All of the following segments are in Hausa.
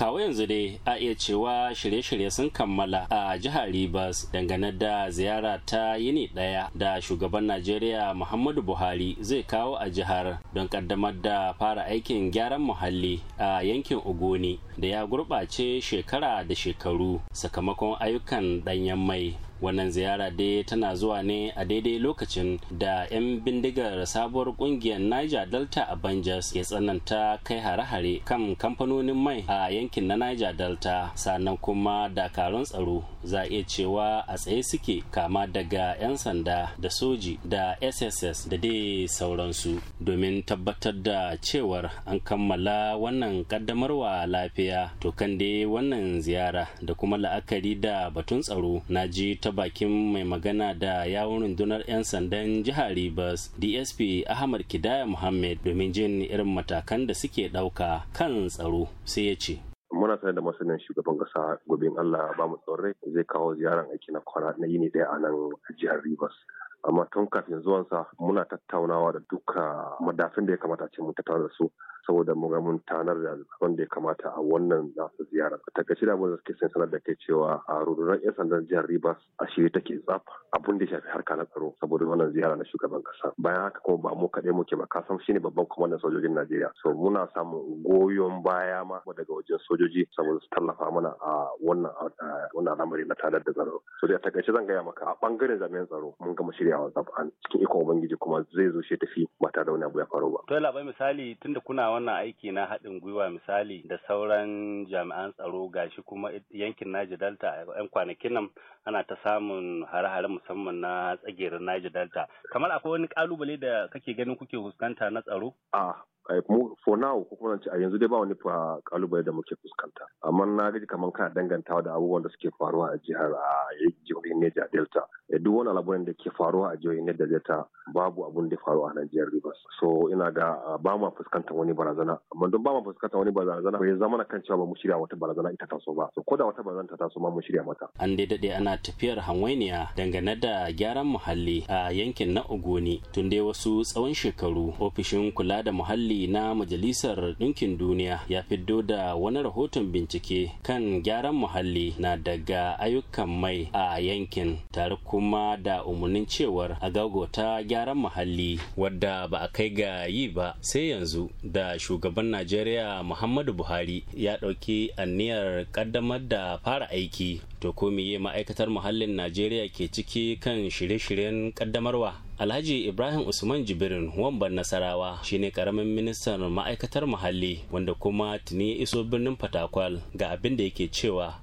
kawo yanzu dai a iya cewa shirye-shirye sun kammala a jihar Rivers dangane da ziyara ta yini ɗaya da shugaban Najeriya Muhammadu Buhari zai kawo a jihar don kaddamar da fara aikin gyaran muhalli a yankin Ogoni da ya gurɓace shekara da shekaru sakamakon ayyukan ɗanyen mai wannan ziyara dai tana zuwa ne a daidai lokacin da 'yan bindigar sabuwar kungiyar niger delta a banjas ya tsananta kai hare-hare kan kamfanonin mai a yankin na niger delta sannan kuma dakarun tsaro za iya cewa a tsaye suke kama daga 'yan sanda da soji da sss da dai sauransu domin tabbatar da cewar an kammala wannan kaddamarwa lafiya to kan dai wannan ziyara da kuma la'akari da batun tsaro na ji ta ta bakin mai magana da yawon rundunar 'yan sandan jihar Rivers DSP Ahmad Kidaya Muhammad domin jin irin matakan da suke ɗauka kan tsaro sai ya ce. muna sanar da masanin shugaban kasa gobe Allah ba mu tsorai zai kawo ziyarar aiki na kwana na yini daya a nan jihar Rivers amma tun kafin zuwansa muna tattaunawa da duka madafin da ya kamata ce mun tattauna da su saboda mu ga mun tanar da wanda ya kamata a wannan nasu ziyara takaice da abin da suke sanar da kai cewa a rundunar yan sandan jihar ribas a shirye take tsaf abin da ya shafi harka na tsaro saboda wannan ziyara na shugaban kasa bayan haka kuma ba mu kaɗai muke ba kasan ne babban kuma sojojin Najeriya so muna samun goyon baya ma daga wajen sojoji saboda su tallafa mana a wannan al'amari na tanar da tsaro so da takaice zan gaya maka a bangaren jami'an tsaro mun gama shirye shiryawa tsafan cikin ikon ubangiji kuma zai zo shi tafi ba tare da wani abu ya faru ba. to labai misali tunda kuna wannan aiki na haɗin gwiwa misali da sauran jami'an tsaro gashi kuma yankin naji Delta yan kwanakin nan ana ta samun hare-hare musamman na tsagerin naji dalta kamar akwai wani kalubale da kake ganin kuke fuskanta na tsaro? a for now ko kuma a yanzu dai ba wani kalubale da muke fuskanta amma na gaji kamar kana dangantawa da abubuwan da suke faruwa a jihar a jihohin Niger Delta eh, duk wani labarin da ke faruwa a jihohin Niger Delta babu abun da faru a Niger Rivers so ina ga ba mu fuskantar wani barazana amma don ba mu fuskantar wani barazana bai zama na kan cewa ba mu shirya wata barazana ita so ba so ko da wata barazana ta taso ma mu shirya mata an dai dade ana tafiyar hanwainiya dangane da gyaran muhalli a yankin na Ogoni tun dai wasu tsawon shekaru ofishin kula da muhalli na majalisar ɗinkin duniya ya fiddo da wani rahoton bincike kan gyaran muhalli na daga ayyukan mai a yankin tare kuma da umarnin cewar a gago ta gyaran muhalli wadda ba a kai ga yi ba sai yanzu da shugaban najeriya muhammadu buhari ya ɗauki anniyar ƙaddamar da fara aiki to ko ma'aikatar muhallin najeriya ke ciki kan shirye-shiryen ƙaddamarwa Alhaji Ibrahim Usman Jibirin wamban Nasarawa shine karamin ministan ma'aikatar muhalli wanda kuma tuni ya iso birnin Fatakwal ga abin da yake cewa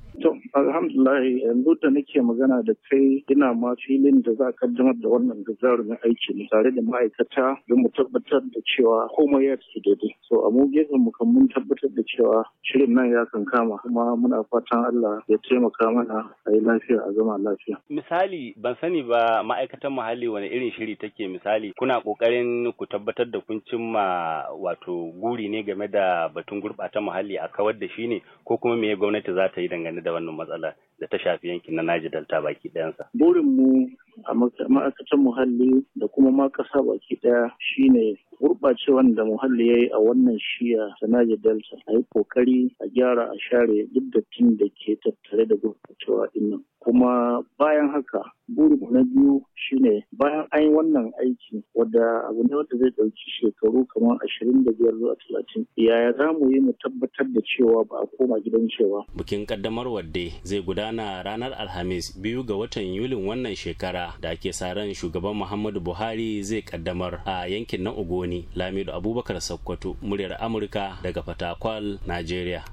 Alhamdulillah yanzu da nake magana da kai ina ma filin da za a kaddamar da wannan gagarumin aiki ne tare da ma'aikata don mu tabbatar da cewa komai ya tafi daidai. So a mu gefen mu kan mun tabbatar da cewa shirin nan ya kan kama kuma muna fatan Allah ya taimaka mana a yi lafiya a zama lafiya. Misali ban sani ba ma'aikatan muhalli wani irin shiri take misali kuna kokarin ku tabbatar da kun cimma wato guri ne game da batun gurɓata muhalli a kawar da shi ne ko kuma me gwamnati za ta yi dangane da wannan matsala da ta shafi yankin na Niger Delta baki ɗayansa. Burin mu a ma'aikatan muhalli da kuma ma ƙasa baki ɗaya shine gurɓacewan da muhalli ya yi a wannan shiya ta Niger Delta a yi kokari a gyara a share duk dattin da ke tattare da gurɓacewa dinnan. Kuma bayan haka buri na biyu shine bayan an yi wannan aiki wadda abu ne wadda zai ɗauki shekaru kamar ashirin da biyar zuwa talatin yaya za mu yi mu tabbatar da cewa ba a koma gidan cewa. bikin kaddamar wadde zai gudana ranar alhamis biyu ga watan yulin wannan shekara da ake sa ran shugaban muhammadu buhari zai kaddamar a yankin na ogoni wani lamido abubakar sakkwato muryar amurka daga fatakwal najeriya